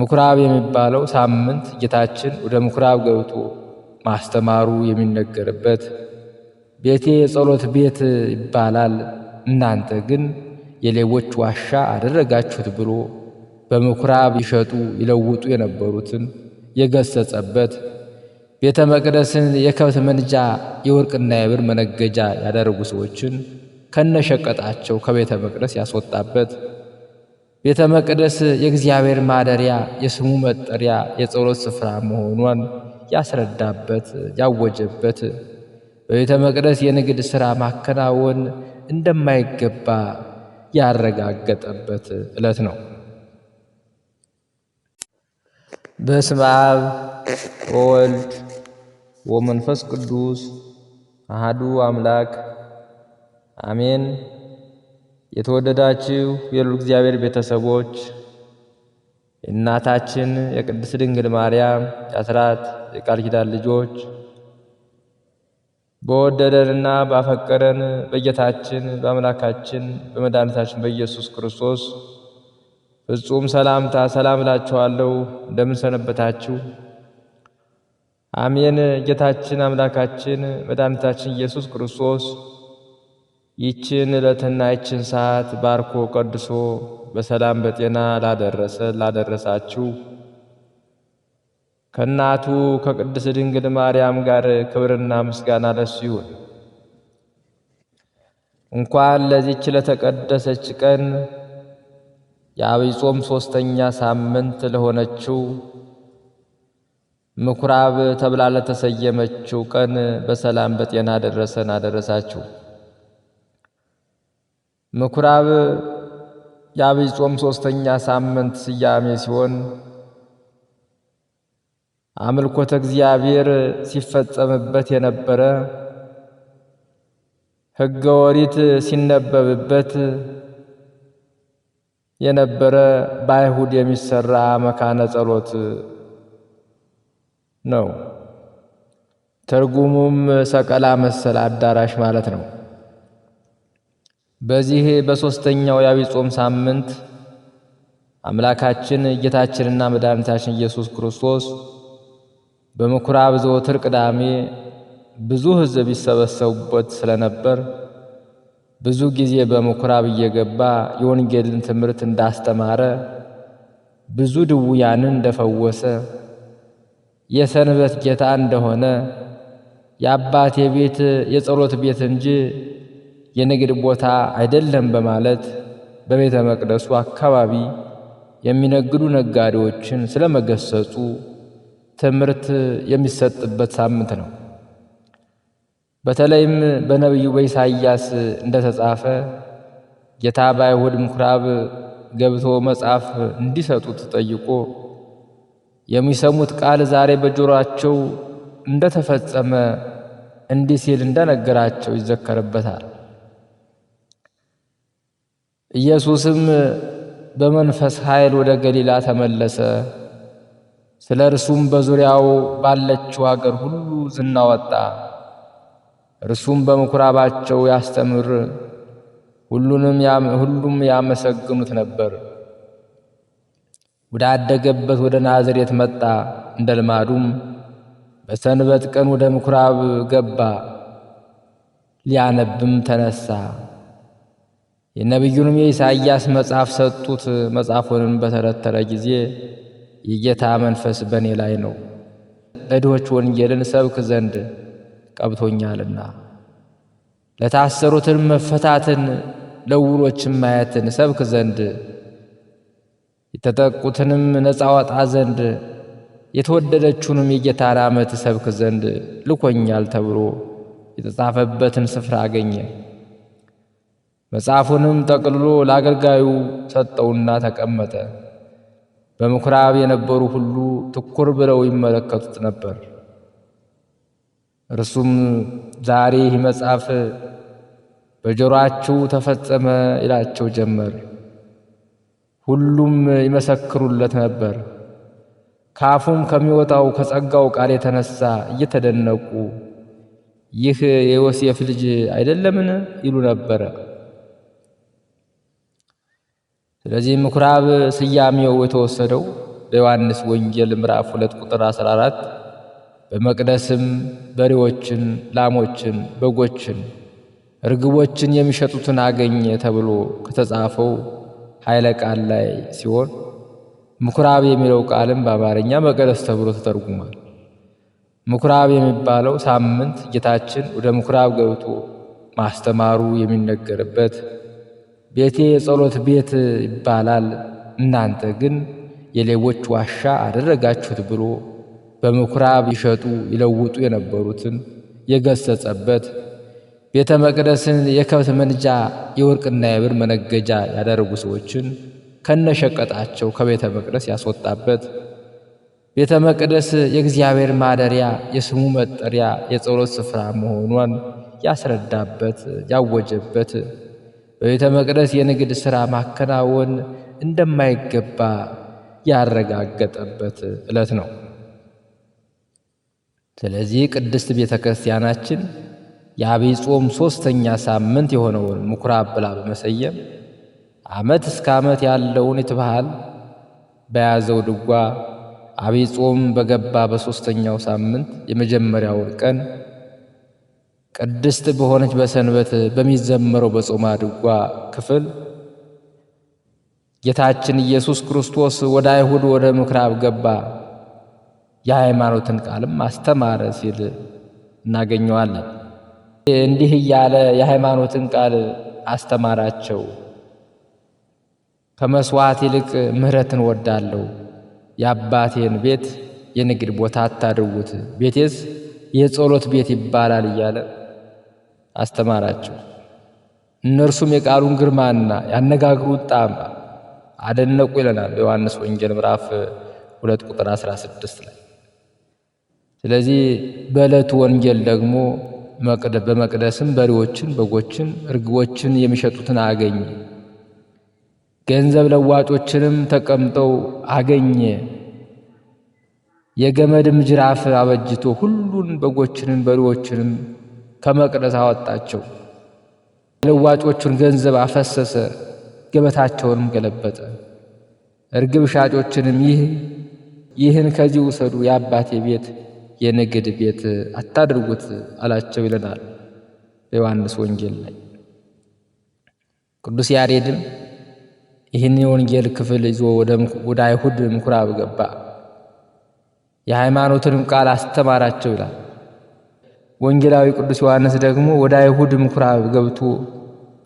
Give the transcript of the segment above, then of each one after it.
ምኩራብ የሚባለው ሳምንት ጌታችን ወደ ምኩራብ ገብቶ ማስተማሩ የሚነገርበት ቤቴ የጸሎት ቤት ይባላል፣ እናንተ ግን የሌቦች ዋሻ አደረጋችሁት ብሎ በምኩራብ ይሸጡ ይለውጡ የነበሩትን የገሰጸበት ቤተ መቅደስን የከብት መንጃ የወርቅና የብር መነገጃ ያደረጉ ሰዎችን ከነሸቀጣቸው ከቤተ መቅደስ ያስወጣበት ቤተ መቅደስ የእግዚአብሔር ማደሪያ የስሙ መጠሪያ የጸሎት ስፍራ መሆኗን ያስረዳበት ያወጀበት በቤተ መቅደስ የንግድ ሥራ ማከናወን እንደማይገባ ያረጋገጠበት ዕለት ነው። በስመ አብ ወወልድ ወመንፈስ ቅዱስ አሃዱ አምላክ አሜን። የተወደዳችሁ የሉል እግዚአብሔር ቤተሰቦች የእናታችን የቅድስት ድንግል ማርያም የአስራት የቃል ኪዳን ልጆች በወደደንና ባፈቀረን በጌታችን በአምላካችን በመድኃኒታችን በኢየሱስ ክርስቶስ ፍጹም ሰላምታ ሰላም እላችኋለሁ። እንደምን ሰነበታችሁ? አሜን። ጌታችን አምላካችን መድኃኒታችን ኢየሱስ ክርስቶስ ይችን ዕለትና ይችን ሰዓት ባርኮ ቀድሶ በሰላም በጤና ላደረሰ ላደረሳችሁ ከእናቱ ከቅድስት ድንግል ማርያም ጋር ክብርና ምስጋና ለሱ ይሁን። እንኳን ለዚች ለተቀደሰች ቀን የአብይ ጾም ሦስተኛ ሳምንት ለሆነችው ምኩራብ ተብላ ለተሰየመችው ቀን በሰላም በጤና ደረሰን አደረሳችሁ። ምኩራብ የአብይ ጾም ሶስተኛ ሳምንት ስያሜ ሲሆን አምልኮተ እግዚአብሔር ሲፈጸምበት የነበረ ሕገ ኦሪት ሲነበብበት የነበረ በአይሁድ የሚሰራ መካነ ጸሎት ነው። ትርጉሙም ሰቀላ መሰል አዳራሽ ማለት ነው። በዚህ በሦስተኛው የዐቢይ ጾም ሳምንት አምላካችን ጌታችንና መድኃኒታችን ኢየሱስ ክርስቶስ በመኩራብ ዘወትር ቅዳሜ ብዙ ሕዝብ ይሰበሰቡበት ስለነበር ብዙ ጊዜ በመኩራብ እየገባ የወንጌልን ትምህርት እንዳስተማረ ብዙ ድውያንን እንደፈወሰ የሰንበት ጌታ እንደሆነ የአባቴ ቤት የጸሎት ቤት እንጂ የንግድ ቦታ አይደለም በማለት በቤተ መቅደሱ አካባቢ የሚነግዱ ነጋዴዎችን ስለመገሰጹ ትምህርት የሚሰጥበት ሳምንት ነው። በተለይም በነቢዩ በኢሳይያስ እንደተጻፈ ጌታ በአይሁድ ምኩራብ ገብቶ መጽሐፍ እንዲሰጡት ጠይቆ የሚሰሙት ቃል ዛሬ በጆሮአቸው እንደተፈጸመ እንዲህ ሲል እንደነገራቸው ይዘከርበታል። ኢየሱስም በመንፈስ ኃይል ወደ ገሊላ ተመለሰ። ስለ እርሱም በዙሪያው ባለችው አገር ሁሉ ዝና ወጣ። እርሱም በምኩራባቸው ያስተምር፣ ሁሉም ያመሰግኑት ነበር። ወዳደገበት ወደ ናዝሬት መጣ። እንደ ልማዱም በሰንበት ቀን ወደ ምኩራብ ገባ፣ ሊያነብም ተነሳ። የነቢዩንም የኢሳይያስ መጽሐፍ ሰጡት። መጽሐፉንም በተረተረ ጊዜ የጌታ መንፈስ በእኔ ላይ ነው፣ ለድሆች ወንጌልን ሰብክ ዘንድ ቀብቶኛልና ለታሰሩትን መፈታትን፣ ለውሎችን ማየትን ሰብክ ዘንድ የተጠቁትንም ነፃ ዘንድ የተወደደችውንም የጌታን ዓመት ሰብክ ዘንድ ልኮኛል ተብሎ የተጻፈበትን ስፍራ አገኘ። መጽሐፉንም ጠቅልሎ ለአገልጋዩ ሰጠውና ተቀመጠ። በምኩራብ የነበሩ ሁሉ ትኩር ብለው ይመለከቱት ነበር። እርሱም ዛሬ ይህ መጽሐፍ በጆሮአችሁ ተፈጸመ ይላቸው ጀመር። ሁሉም ይመሰክሩለት ነበር። ከአፉም ከሚወጣው ከጸጋው ቃል የተነሳ እየተደነቁ ይህ የዮሴፍ ልጅ አይደለምን ይሉ ነበረ። ስለዚህ ምኩራብ ስያሜው የተወሰደው በዮሐንስ ወንጌል ምዕራፍ 2 ቁጥር 14 በመቅደስም በሬዎችን፣ ላሞችን፣ በጎችን፣ እርግቦችን የሚሸጡትን አገኘ ተብሎ ከተጻፈው ኃይለ ቃል ላይ ሲሆን ምኩራብ የሚለው ቃልም በአማርኛ መቅደስ ተብሎ ተተርጉሟል። ምኩራብ የሚባለው ሳምንት ጌታችን ወደ ምኩራብ ገብቶ ማስተማሩ የሚነገርበት ቤቴ የጸሎት ቤት ይባላል፣ እናንተ ግን የሌቦች ዋሻ አደረጋችሁት ብሎ በምኩራብ ይሸጡ ይለውጡ የነበሩትን የገሰጸበት ቤተ መቅደስን የከብት መንጃ የወርቅና የብር መነገጃ ያደረጉ ሰዎችን ከነሸቀጣቸው ከቤተ መቅደስ ያስወጣበት ቤተ መቅደስ የእግዚአብሔር ማደሪያ የስሙ መጠሪያ የጸሎት ስፍራ መሆኗን ያስረዳበት ያወጀበት በቤተ መቅደስ የንግድ ሥራ ማከናወን እንደማይገባ ያረጋገጠበት ዕለት ነው። ስለዚህ ቅድስት ቤተ ክርስቲያናችን የአብይ ጾም ሦስተኛ ሳምንት የሆነውን ምኩራብ ብላ በመሰየም ዓመት እስከ ዓመት ያለውን ትባህል በያዘው ድጓ አብይ ጾም በገባ በሦስተኛው ሳምንት የመጀመሪያውን ቀን ቅድስት በሆነች በሰንበት በሚዘመረው በጾመ ድጓ ክፍል ጌታችን ኢየሱስ ክርስቶስ ወደ አይሁድ ወደ ምኩራብ ገባ፣ የሃይማኖትን ቃልም አስተማረ ሲል እናገኘዋለን። እንዲህ እያለ የሃይማኖትን ቃል አስተማራቸው። ከመስዋዕት ይልቅ ምሕረትን ወዳለሁ። የአባቴን ቤት የንግድ ቦታ አታድርጉት፣ ቤቴስ የጸሎት ቤት ይባላል እያለ አስተማራቸው። እነርሱም የቃሉን ግርማና ያነጋግሩት ጣም አደነቁ ይለናል በዮሐንስ ወንጌል ምዕራፍ ሁለት ቁጥር 16 ላይ። ስለዚህ በዕለቱ ወንጌል ደግሞ በመቅደስም በሬዎችን፣ በጎችን፣ እርግቦችን የሚሸጡትን አገኘ። ገንዘብ ለዋጮችንም ተቀምጠው አገኘ። የገመድም ጅራፍ አበጅቶ ሁሉን በጎችንም በሬዎችንም ከመቅደስ አወጣቸው። ለዋጮቹን ገንዘብ አፈሰሰ፣ ገበታቸውንም ገለበጠ። እርግብ ሻጮችንም ይህ ይህን ከዚህ ውሰዱ፣ የአባቴ ቤት የንግድ ቤት አታድርጉት አላቸው ይለናል በዮሐንስ ወንጌል ላይ። ቅዱስ ያሬድም ይህን የወንጌል ክፍል ይዞ ወደ አይሁድ ምኩራብ ገባ፣ የሃይማኖትንም ቃል አስተማራቸው ይላል። ወንጌላዊ ቅዱስ ዮሐንስ ደግሞ ወደ አይሁድ ምኩራብ ገብቶ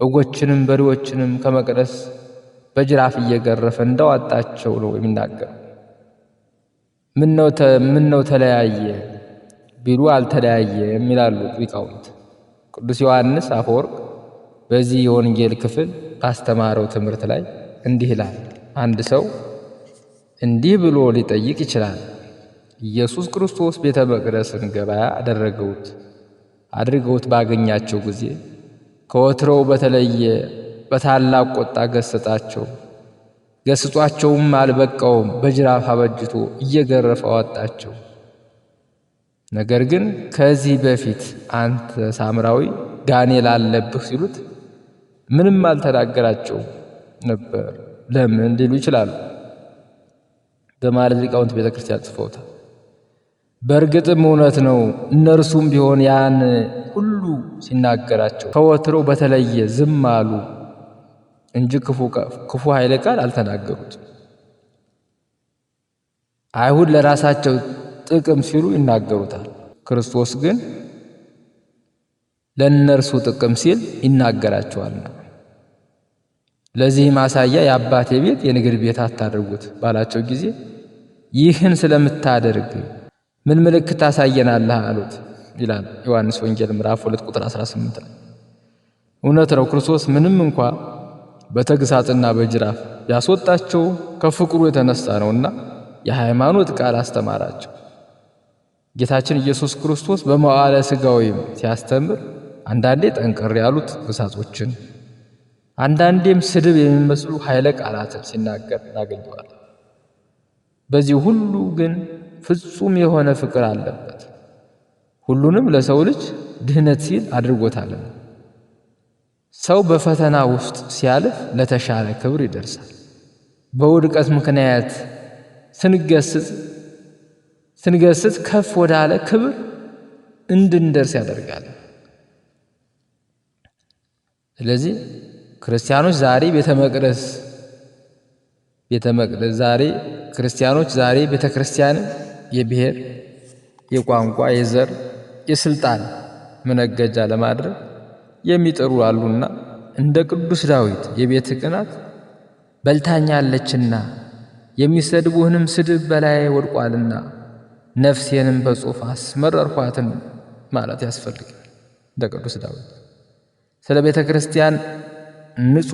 በጎችንም በሬዎችንም ከመቅደስ በጅራፍ እየገረፈ እንዳዋጣቸው ነው የሚናገረው። ነው ተለያየ ቢሉ አልተለያየም ይላሉ ሊቃውንት። ቅዱስ ዮሐንስ አፈወርቅ በዚህ የወንጌል ክፍል ባስተማረው ትምህርት ላይ እንዲህ ይላል። አንድ ሰው እንዲህ ብሎ ሊጠይቅ ይችላል ኢየሱስ ክርስቶስ ቤተ መቅደስን ገበያ አደረገውት አድርገውት ባገኛቸው ጊዜ ከወትሮው በተለየ በታላቅ ቁጣ ገሰጣቸው። ገስጧቸውም አልበቃውም፣ በጅራፍ አበጅቶ እየገረፈ አወጣቸው። ነገር ግን ከዚህ በፊት አንተ ሳምራዊ ጋኔል አለብህ ሲሉት ምንም አልተናገራቸው ነበር። ለምን ሊሉ ይችላሉ በማለት ሊቃውንት ቤተ ክርስቲያን ጽፈውታል። በእርግጥም እውነት ነው። እነርሱም ቢሆን ያን ሁሉ ሲናገራቸው ከወትሮ በተለየ ዝም አሉ እንጂ ክፉ ኃይለ ቃል አልተናገሩት። አይሁድ ለራሳቸው ጥቅም ሲሉ ይናገሩታል። ክርስቶስ ግን ለእነርሱ ጥቅም ሲል ይናገራቸዋል። ለዚህ ማሳያ የአባቴ ቤት የንግድ ቤት አታድርጉት ባላቸው ጊዜ ይህን ስለምታደርግ ምን ምልክት ታሳየናለህ አሉት ይላል ዮሐንስ ወንጌል ምዕራፍ 2 ቁጥር 18 ላይ። እውነት ነው ክርስቶስ ምንም እንኳ በተግሳጽና በጅራፍ ያስወጣቸው ከፍቅሩ የተነሳ ነውና የሃይማኖት ቃል አስተማራቸው። ጌታችን ኢየሱስ ክርስቶስ በመዋዕለ ሥጋዌም ሲያስተምር አንዳንዴ ጠንቀር ያሉት ግሳጾችን አንዳንዴም ስድብ የሚመስሉ ኃይለ ቃላትን ሲናገር እናገኘዋለን። በዚህ ሁሉ ግን ፍጹም የሆነ ፍቅር አለበት። ሁሉንም ለሰው ልጅ ድህነት ሲል አድርጎታል ሰው በፈተና ውስጥ ሲያልፍ ለተሻለ ክብር ይደርሳል። በውድቀት ምክንያት ስንገስጽ ስንገስጽ ከፍ ወዳለ ክብር እንድንደርስ ያደርጋል። ስለዚህ ክርስቲያኖች ዛሬ ቤተ መቅደስ ቤተ መቅደስ ዛሬ ክርስቲያኖች ዛሬ ቤተ ክርስቲያንን የብሔር፣ የቋንቋ፣ የዘር፣ የስልጣን መነገጃ ለማድረግ የሚጥሩ አሉና እንደ ቅዱስ ዳዊት የቤት ቅናት በልታኛለችና የሚሰድቡህንም ስድብ በላይ ወድቋልና ነፍሴንም በጽሑፍ አስመረርኳትን ማለት ያስፈልጋል። እንደ ቅዱስ ዳዊት ስለ ቤተ ክርስቲያን ንጹ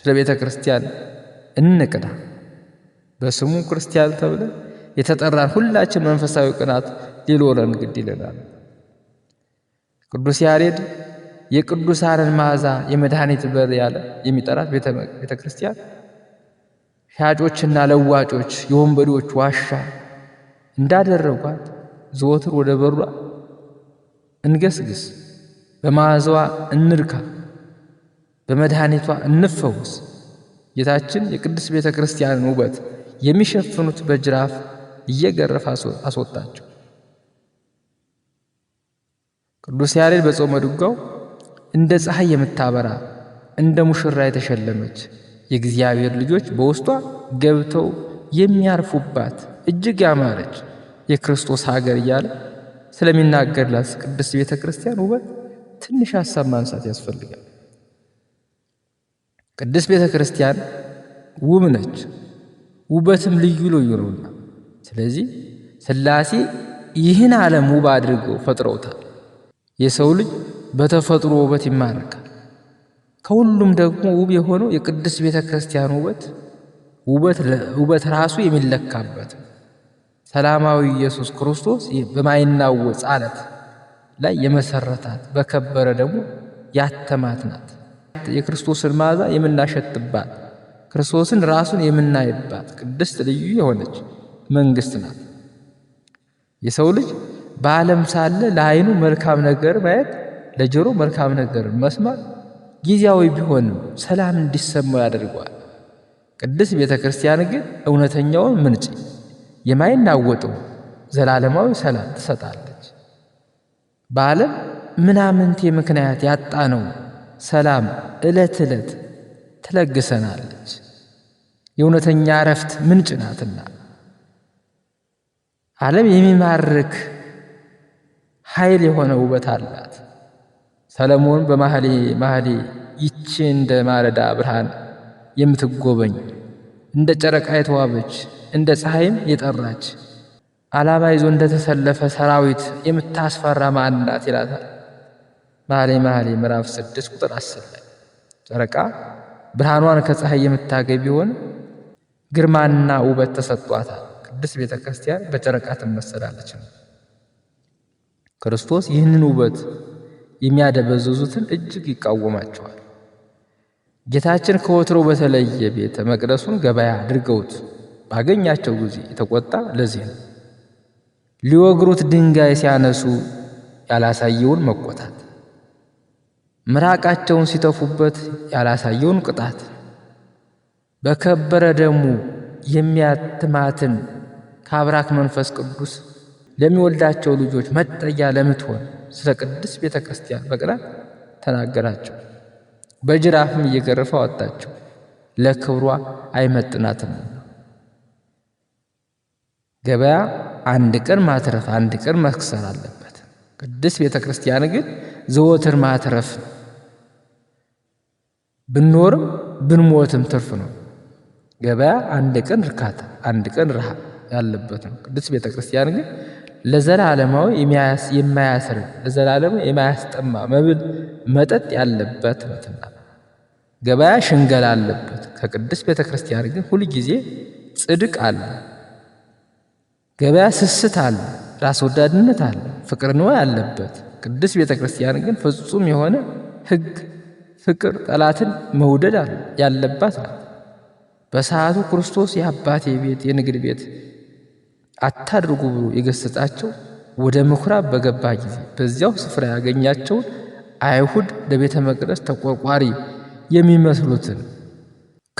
ስለ ቤተ ክርስቲያን እንቅዳ በስሙ ክርስቲያን ተብለን የተጠራን ሁላችን መንፈሳዊ ቅናት ሊኖረን ግድ ይለናል። ቅዱስ ያሬድ የቅዱሳንን መዓዛ የመድኃኒት በር ያለ የሚጠራት ቤተ ክርስቲያን ሻጮችና ለዋጮች የወንበዴዎች ዋሻ እንዳደረጓት ዘወትር ወደ በሯ እንገስግስ፣ በመዓዛዋ እንርካ፣ በመድኃኒቷ እንፈውስ። ጌታችን የቅድስት ቤተ ክርስቲያንን ውበት የሚሸፍኑት በጅራፍ እየገረፈ አስወጣቸው። ቅዱስ ያሬድ በጾመ ድጓው እንደ ፀሐይ የምታበራ እንደ ሙሽራ የተሸለመች የእግዚአብሔር ልጆች በውስጧ ገብተው የሚያርፉባት እጅግ ያማረች የክርስቶስ ሀገር እያለ ስለሚናገርላት ቅድስት ቤተ ክርስቲያን ውበት ትንሽ ሀሳብ ማንሳት ያስፈልጋል። ቅድስት ቤተ ክርስቲያን ውብ ነች፣ ውበትም ልዩ ልዩ ነውና ስለዚህ ስላሴ ይህን ዓለም ውብ አድርገው ፈጥረውታል። የሰው ልጅ በተፈጥሮ ውበት ይማረካል። ከሁሉም ደግሞ ውብ የሆነው የቅዱስ ቤተ ክርስቲያን ውበት ውበት ራሱ የሚለካበት ሰላማዊ ኢየሱስ ክርስቶስ በማይናወጽ አለት ላይ የመሰረታት በከበረ ደግሞ ያተማት ናት። የክርስቶስን መዓዛ የምናሸትባት ክርስቶስን ራሱን የምናይባት ቅድስት ልዩ የሆነች መንግስት ናት። የሰው ልጅ በዓለም ሳለ ለአይኑ መልካም ነገር ማየት፣ ለጆሮ መልካም ነገር መስማት ጊዜያዊ ቢሆንም ሰላም እንዲሰማው ያደርገዋል። ቅድስት ቤተ ክርስቲያን ግን እውነተኛውን ምንጭ የማይናወጠው ዘላለማዊ ሰላም ትሰጣለች። በዓለም ምናምንቴ ምክንያት ያጣነው ሰላም ዕለት ዕለት ትለግሰናለች። የእውነተኛ እረፍት ምንጭ ናትና ዓለም የሚማርክ ኃይል የሆነ ውበት አላት። ሰለሞን በማህሌ ማህሌ ይቺ እንደ ማለዳ ብርሃን የምትጎበኝ እንደ ጨረቃ የተዋበች እንደ ፀሐይም የጠራች ዓላማ ይዞ እንደተሰለፈ ሰራዊት የምታስፈራ ማን ናት ይላታል። ማህሌ ማህሌ ምዕራፍ ስድስት ቁጥር አስር ላይ ጨረቃ ብርሃኗን ከፀሐይ የምታገኝ ቢሆን ግርማና ውበት ተሰጥቷታል። ቅድስት ቤተ ክርስቲያን በጨረቃ ትመሰላለች ነው። ክርስቶስ ይህንን ውበት የሚያደበዝዙትን እጅግ ይቃወማቸዋል። ጌታችን ከወትሮ በተለየ ቤተ መቅደሱን ገበያ አድርገውት ባገኛቸው ጊዜ የተቆጣ ለዚህ ነው። ሊወግሩት ድንጋይ ሲያነሱ ያላሳየውን መቆጣት፣ ምራቃቸውን ሲተፉበት ያላሳየውን ቅጣት፣ በከበረ ደሙ የሚያትማትን ከአብራክ መንፈስ ቅዱስ ለሚወልዳቸው ልጆች መጠጊያ ለምትሆን ስለ ቅድስት ቤተ ክርስቲያን በቅላት ተናገራቸው። በጅራፍም እየገረፈ አወጣቸው፣ ለክብሯ አይመጥናትም። ገበያ አንድ ቀን ማትረፍ፣ አንድ ቀን መክሰር አለበት። ቅድስ ቤተ ክርስቲያን ግን ዘወትር ማትረፍ ነው። ብንኖርም ብንሞትም ትርፍ ነው። ገበያ አንድ ቀን እርካታ፣ አንድ ቀን ረሃብ ያለበት ነው። ቅድስት ቤተክርስቲያን ግን ለዘላለማዊ የማያስር ለዘላለሙ የማያስጠማ መብል መጠጥ ያለበት እንትና ገበያ ሽንገላ አለበት። ከቅድስት ቤተክርስቲያን ግን ግን ሁልጊዜ ጽድቅ አለ፣ ገበያ ስስት አለ፣ ራስ ወዳድነት አለ፣ ፍቅር ንዋ ያለበት። ቅድስት ቤተክርስቲያን ግን ፍጹም የሆነ ህግ ፍቅር፣ ጠላትን መውደድ ያለባት ናት። በሰዓቱ ክርስቶስ የአባቴ ቤት የንግድ ቤት አታድርጉ ብሎ የገሰጻቸው ወደ ምኩራብ በገባ ጊዜ በዚያው ስፍራ ያገኛቸውን አይሁድ ለቤተ መቅደስ ተቆርቋሪ የሚመስሉትን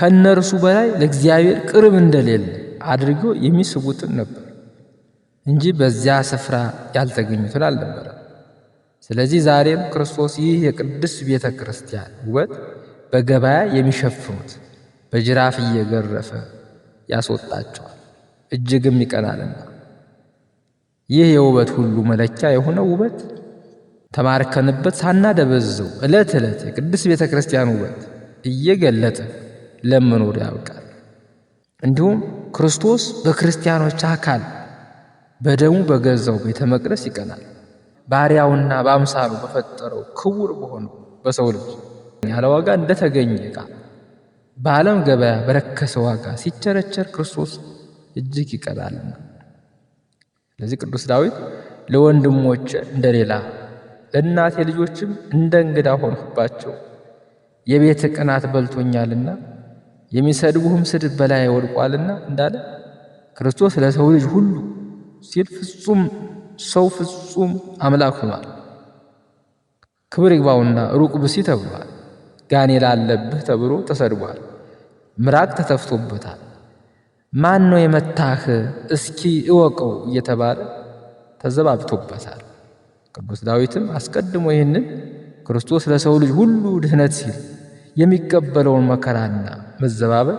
ከእነርሱ በላይ ለእግዚአብሔር ቅርብ እንደሌለ አድርገው የሚስቡትን ነበር እንጂ በዚያ ስፍራ ያልተገኙትን አልነበረ። ስለዚህ ዛሬም ክርስቶስ ይህ የቅድስ ቤተ ክርስቲያን ውበት በገበያ የሚሸፍኑት በጅራፍ እየገረፈ ያስወጣቸዋል። እጅግም ይቀናልና ይህ የውበት ሁሉ መለኪያ የሆነ ውበት ተማርከንበት ሳናደበዝዘው ዕለት ዕለት የቅድስት ቤተ ክርስቲያን ውበት እየገለጠ ለመኖር ያብቃል። እንዲሁም ክርስቶስ በክርስቲያኖች አካል በደሙ በገዛው ቤተ መቅደስ ይቀናል። ባሪያውና በአምሳሉ በፈጠረው ክቡር በሆነው በሰው ልጅ ያለ ዋጋ እንደተገኘ ዕቃ በዓለም ገበያ በረከሰ ዋጋ ሲቸረቸር ክርስቶስ እጅግ ይቀላል ስለዚህ ቅዱስ ዳዊት ለወንድሞች እንደሌላ ለእናቴ ልጆችም እንደ እንግዳ ሆንሁባቸው፣ የቤት ቅናት በልቶኛልና የሚሰድቡህም ስድብ በላይ ወድቋልና እንዳለ ክርስቶስ ለሰው ልጅ ሁሉ ሲል ፍጹም ሰው ፍጹም አምላክ ሆኗል። ክብር ይግባውና ሩቅ ብሲ ተብሏል። ጋኔል አለብህ ተብሎ ተሰድቧል። ምራቅ ተተፍቶበታል። ማን ነው የመታህ እስኪ እወቀው እየተባለ ተዘባብቶበታል። ቅዱስ ዳዊትም አስቀድሞ ይህንን ክርስቶስ ለሰው ልጅ ሁሉ ድህነት ሲል የሚቀበለውን መከራና መዘባበል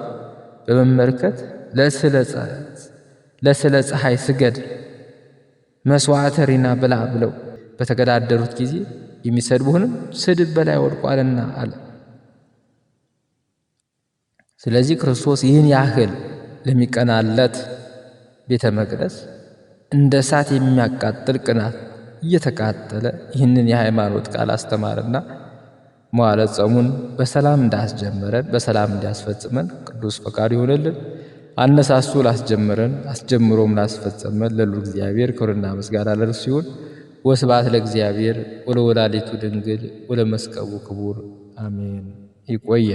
በመመልከት ለስለ ፀሐይ ስገድ መስዋዕተ ሪና ብላ ብለው በተገዳደሩት ጊዜ የሚሰድቡህንም ስድብ በላይ ወድቋልና አለ። ስለዚህ ክርስቶስ ይህን ያህል ለሚቀናለት ቤተ መቅደስ እንደ እሳት የሚያቃጥል ቅናት እየተቃጠለ ይህንን የሃይማኖት ቃል አስተማርና መዋለ ጾሙን በሰላም እንዳስጀመረን በሰላም እንዲያስፈጽመን ቅዱስ ፈቃድ ይሆንልን። አነሳሱ ላስጀመረን አስጀምሮም ላስፈጸመን ለሉ እግዚአብሔር ክብርና ምስጋና ለእርሱ ይሁን። ወስብሐት ለእግዚአብሔር ወለወላዲቱ ድንግል ወለመስቀሉ ክቡር አሜን። ይቆየ